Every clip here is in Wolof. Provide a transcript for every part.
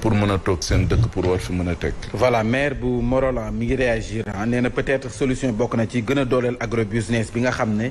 pour mën a toog seen dëkk pour war fi mën a teg. voilà maire bu Morolan mi ngi réagir nee na peut-être solution bokk na ci gën a dooleel agro business bi nga xam ne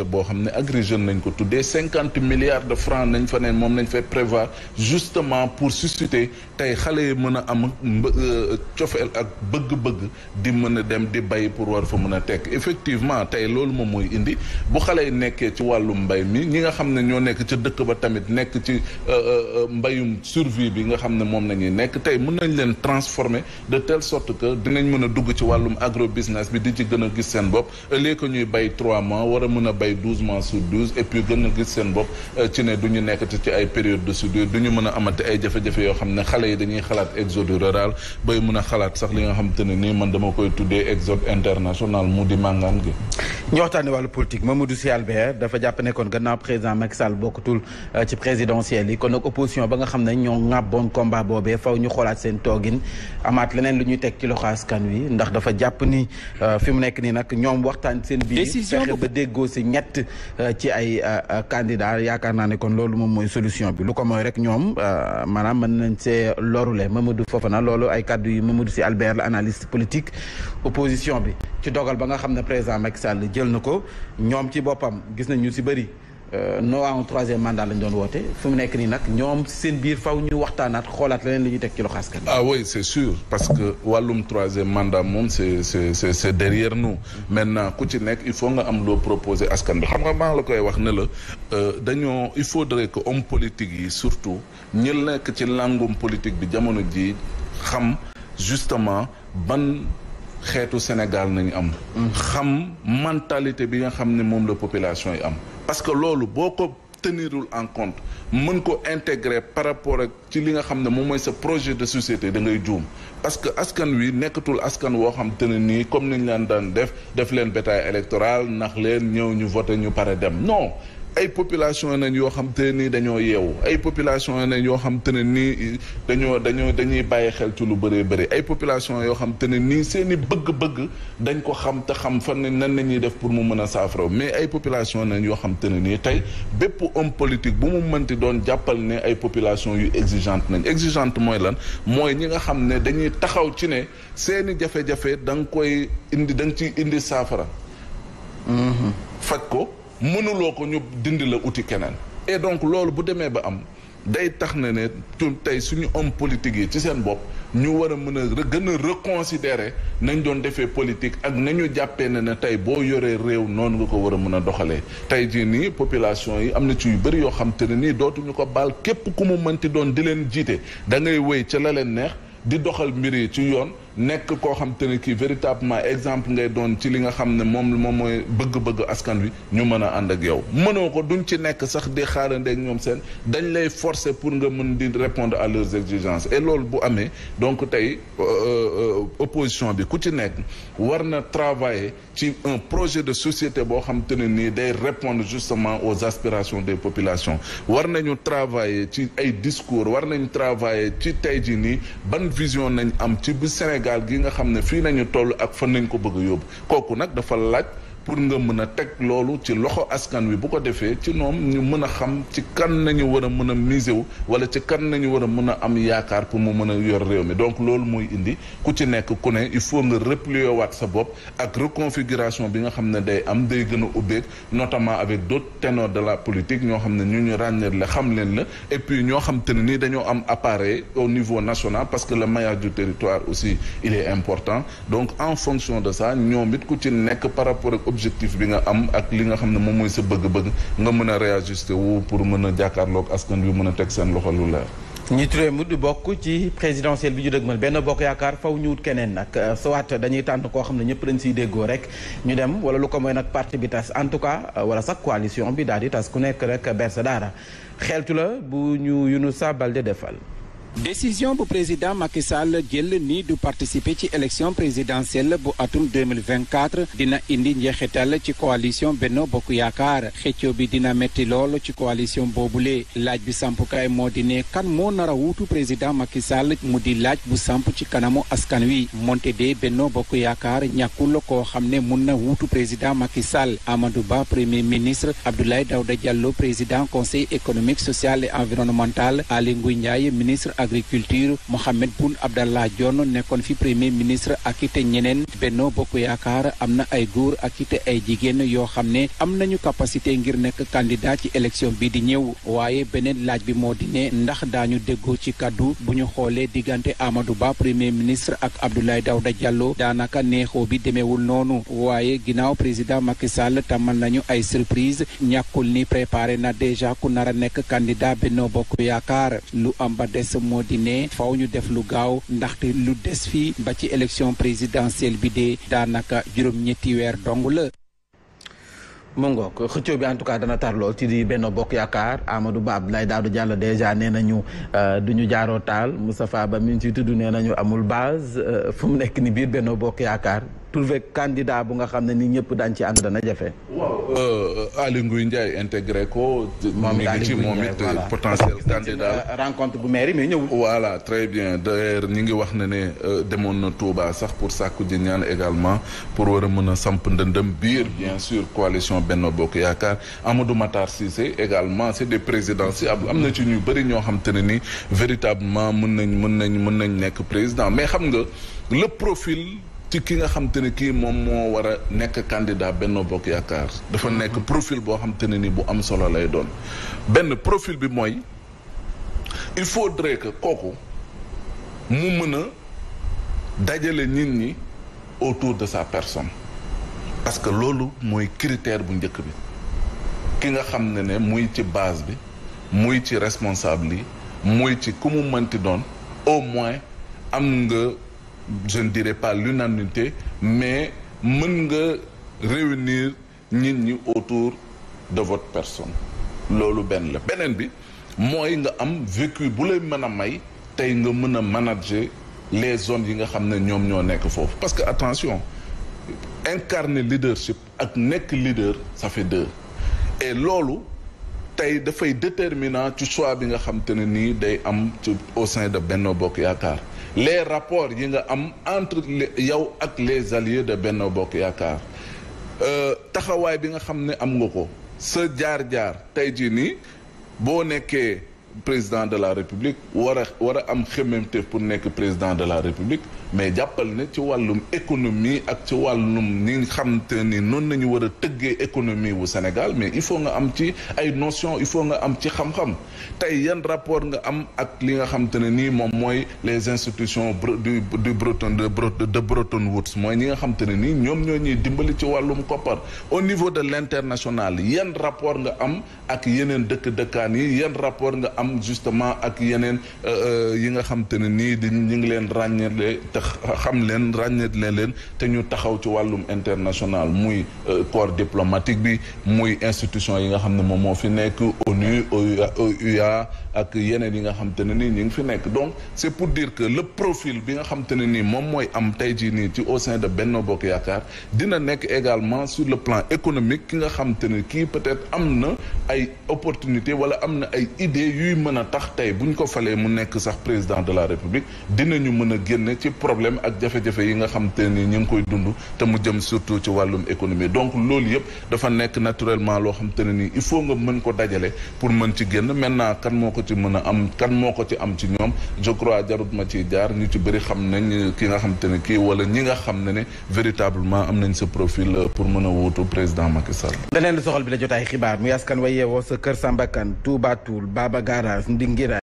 projet boo xam ne Agri Jeunes nañ ko tuddee 50 milliards de francs nañ fa ne moom nañ fay prévoir justement pour susciter tay xalé mëna mën a am euh, cofeel ak bëgg-bëgg di mëna dem di bay pour war fa mëna a effectivement tay loolu mom moy indi bu xalé yi ci wàllum mbay mi ñi nga xamné ño ñoo nekk ca dëkk ba tamit nekk ci euh, euh, mbayum survie bi nga xamné mom moom la ñuy nekk tey mën nañ leen transformer de telle sorte que dinañ mën a dugg ci walum agro business bi di ci gëna gis seen bopp léegi ñuy bay 3 mois wara mëna bay ay douze mois sur douze et puis gën a gis seen bopp euh, ci ne du ñu nekkati ci ay période de soudure du mën a amati ay jafe-jafe yoo xam ne xale yi dañuy xalaat exode rural bay mën a xalaat sax li nga xam te ne nii man dama koy tuddee exode international mu di màngaan gi ñu waxtaanee wàllu politique Mamadou Sy Albert dafa jàpp ne gannaaw président Macky Sall euh, ci présidentielle yi kon nag opposition ba nga xam ne ñoo ŋàbboon combat boobee faw ñu xoolaat seen qui euh, ci ay euh, euh, candidat yaakaar naa ne kon solution bi lu ko rek ñoom maanaam nañ Fofana ay Mamadou Albert analyste politique opposition bi ci dogal ba nga président Macky Sall jël ci euh, non en troisième mandat lañ doon woote Fum mu ni nak ñom ñoom seen biir faaw ñu waxtaanaat xoolaat leneen li ñu tek ci loxo askan ah oui c'est sûr parce que wàllum troisième mandat monde c'est c'est c'est derrière nous. maintenant ku ci nekk il faut nga am lo proposer askan bi xam nga maa la koy wax ne la euh, dañoo il faudrait que homme politique yi surtout ñu nek ci langum politique bi jamono ji xam justement ban. xeetu Sénégal nañu am. Mm-hmm. xam mentalité bi nga xam ne moom la population yi am. parce que loolu boo ko tenirul en compte mën ko intégrer par rapport ak ci li nga xam ne moom mooy sa projet de société da ngay juum parce que askan wi nekkatul askan woo xam te ne nii comme ni ñu leen daan def def leen bétail électoral ndax leen ñëw ñu voté ñu pare dem non ay population nañ yoo xam te nii dañoo yeewu ay population nañ yoo xam ne nii dañoo dañoo dañuy bàyyi xel ci lu bëree bëri ay population yoo xam te ne nii seen i bëgg-bëgg dañ ko xam te xam fan nan la ñuy def pour mu mën a saafara mais ay population nañ yoo xam te ne nii tey bépp homme politique bu mu mënti doon jàppal ne ay population yu exigeante nañ exigeante mooy lan mooy ñi nga xam ne dañuy taxaw ci ne seen i jafe-jafe da nga koy indi da nga ciy indi saafara mm-hmm. faj ko mënuloo ko ñu dindi la uti keneen et donc loolu bu demee ba am day tax na ne tu tey suñu homme politique yi ci seen bopp ñu war a mën a gën a reconsidérer nañ doon defee politique ak nañu jàppee ne ne tey boo yoree réew noonu nga ko war a mën a doxalee tey jii nii population yi am na ci yu bëri yoo xam te ne nii dootuñu ko baal képp ku mu mënti doon di leen jiite da ngay wéy ca la leen neex di doxal mbir yi ci yoon nekk koo xam te ne kii véritablement exemple ngay doon ci li nga xam ne moom moom mooy bëgg-bëgg askan wi ñu mën a ànd ak yow mënoo ko duñ ci nekk sax di xaarandeeg ñoom seen dañ lay forcer pour nga mën di répondre à leurs exigences et loolu bu amee donc tey euh, euh, opposition bi ku ci nekk war na travailler ci un projet de société boo xam te ne nii day répondre justement aux aspirations des populations war nañu travailler ci ay discours war nañu travailler ci tey ji nii ban vision nañ am ci bu Sénégal gaal gii nga xam ne fii nañu toll ak fan nañ ko bëgg a yóbbu kooku nag dafa laaj pour nga mën a teg loolu ci loxo askan wi bu ko defee ci ñoom ñu mën a xam ci kan nañu war a mën a miser wu wala ci kan nañu war a mën a am yaakaar pour mu mën a yor réew mi donc loolu mooy indi ku ci nekk ku ne il faut nga replier waat sa bopp ak reconfiguration bi nga xam ne day am day gën a ubbeeg notamment avec d'autres ténors de la politique ñoo xam ne ñu ñu ràññeet la xam leen la et puis ñoo xam te ne nii dañoo am appareil au niveau national parce que le maillage du territoire aussi il est important donc en fonction de ça ñoom it ku ci nekk par rapport ak objectif bi nga am ak li nga xam ne moom mooy sa bëgg-bëgg nga mën a réajuster wu pour mën a jàkkaarloog askan wi mën a teg seen loxo lu la ñu turee mu di bokk ci présidentielle bi ñu dëgmal benn bokk yaakaar faw ñu wut keneen nag euh, soit dañuy tànn koo xam ne ñëpp dañ siy déggoo rek ñu dem wala lu ko mooy nag parti bi tas en tout cas euh, wala sax coalition bi daal di tas ku nekk rek bersa daara xeltu la bu ñu yunu Younoussa Baldé defal. décision pour président Macky Sall jël ni du participer ci élection présidentielle bu atum 2024 dina indi ñexetal ci coalition Benno Bokk Yaakaar xëccoo bi dina metti lool ci coalition Boboulé. laaj bi sampukaay moo di ne kan mo nara a président Macky Sall mu di laaj bu samp ci kanamu askan wi monté de Benno Bokk Yaakaar ñakul ko xamné ne président Macky Sall Amadou Ba premier ministre Abdoulaye Daouda Diallo président conseil économique social et environnemental Ali Ngouille Ndiaye ministre agriculture Mohamed Boun Abdallah Dionne nekkoon fi premier ministre ak ite ñeneen Benno Bokk Yaakaar am na ay góor ak ite ay jigéen yoo xam ne am nañu capacité ngir nekk candidat ci élection bi di ñëw waaye beneen laaj bi moo di ne ndax daañu déggoo ci kaddu bu ñu xoolee diggante Amadou Ba premier ministre ak Abdoulaye Daouda Diallo daanaka neexoo bi demeewul noonu waaye ginnaaw président Macky Sall tamal nañu ay surprise ñàkkul ni préparé na déjà ku nar a nekk moo di ne faw ñu def lu gaaw ndaxte lu des fii ba ci élection présidentielle bi de daanaka juróom-ñetti weer dong la. mu ngoog xëccoo bi en dana tar lool ci di benn bokk yaakaar Amadou Ba Abdoulaye du Diallo dèjà nee nañu euh, du ñu jaaroo taal Moustapha Ba mi ngi ciy tudd nee nañu amul base euh, fu mu nekk ni biir benn bokk yaakaar. trouver candidat bu nga xam ne ni ñëpp daañu ci ànd dana jafe. waaw euh, Aly Ngouille Ndiaye intégré ko. maam mi ngi ci moom it potentiel candidat euh, bu mairie mais ñëw voilà très bien de ñi ngi wax ne ne euh, demoon na Touba sax pour sàkku ji ñaan également pour war a mën a samp ndëndëm biir bien sur coalition benn Bokk Yaakaar Amadou Matar Cissé également c'est des présidentiables am na ci ñu bëri ñoo xam te ne nii véritablement mën nañ mën nañ mën nañ nekk président mais xam nga le profil. ci ki nga xam te ne kii moom moo war a nekk candidat Benno Bokk Yaakaar dafa nekk profil boo xam te ne ni bu am solo lay doon benn profil bi mooy il faut faudrait que kooku mu mën a dajale nit ñi autour de sa personne parce que loolu mooy critère bu njëkk bi ki nga xam ne ne muy ci base bi muy ci responsable yi muy ci ku mu mënti doon au moins am nga je ne dirais pas l'unanimité, mais mange revenir réunir nit autour de votre personne Lolo Ben, la benen bi moi nga am vécu bu lay mën may tey nga manager les zones yi nga xam ñom ñoo nek fofu parce que attention incarner leadership ak nek leader ça fait deux et tay da fay déterminant ci choix bi nga xam te ne day am au sein de Benno bok Yaakaar les rapport yi nga am entre yow ak les alliés de benn Bokk Yaakaar euh, taxawaay bi nga xam ne am nga ko sa jaar-jaar tey jii nii boo nekkee président de la république wara a am xemmemteef pour nek président de la république mais jàppal ne ci wàllum économie ak ci wàllum ni xam te ni noonu nañu wara teugue économie wu Sénégal mais il faut nga am ci ay notion il faut nga am ci xam-xam tay yan rapport nga am ak li nga xam te ne nii moom les institutions du du Breton de de Breton Woods moy ni nga xam te ne nii ñoom ñoo ñuy dimbali ci wàllum koppar au niveau de l'international yan rapport nga am ak yeneen dëkk dëkkaan yi yan rapport nga am am justement ak yeneen euh, euh, yi nga xam te ne nii di ñu ngi leen ràññeele te xam leen ràññeele leen te ñu taxaw ci wàllum international muy euh, corps diplomatique bi muy institution yi nga xam ne moom moo fi nekk ONU OUA ak yeneen yi nga xam te ne nii ñu ngi fi nekk donc c'est pour dire que le profil bi nga xam te ne nii moom mooy am tey jii nii ci au sein de Benno Bokk Yaakaar dina nekk également sur le plan économique ki nga xam te ne kii peut-être am na ay opportunité wala am na ay idées yuy mën a tax tey bu ñu ko falee mu nekk sax président de la république dinañu mën a génne ci problème ak jafe-jafe yi nga xam te ni ñu ngi koy dund te mu jëm surtout ci wàllum économie donc loolu yëpp dafa nekk naturellement loo xam te ne nii il faut nga mën ko dajale pour mën ci génn maintenant kan moo ko ci mën a am kan moo ko ci am ci ñoom je crois jarut ma ciy jaar ñu ci bëri xam nañ ki nga xam te ne kii wala ñi nga xam ne ne véritablement am nañ sa profil pour mën a wuutu président Macky Sall. didn't get out.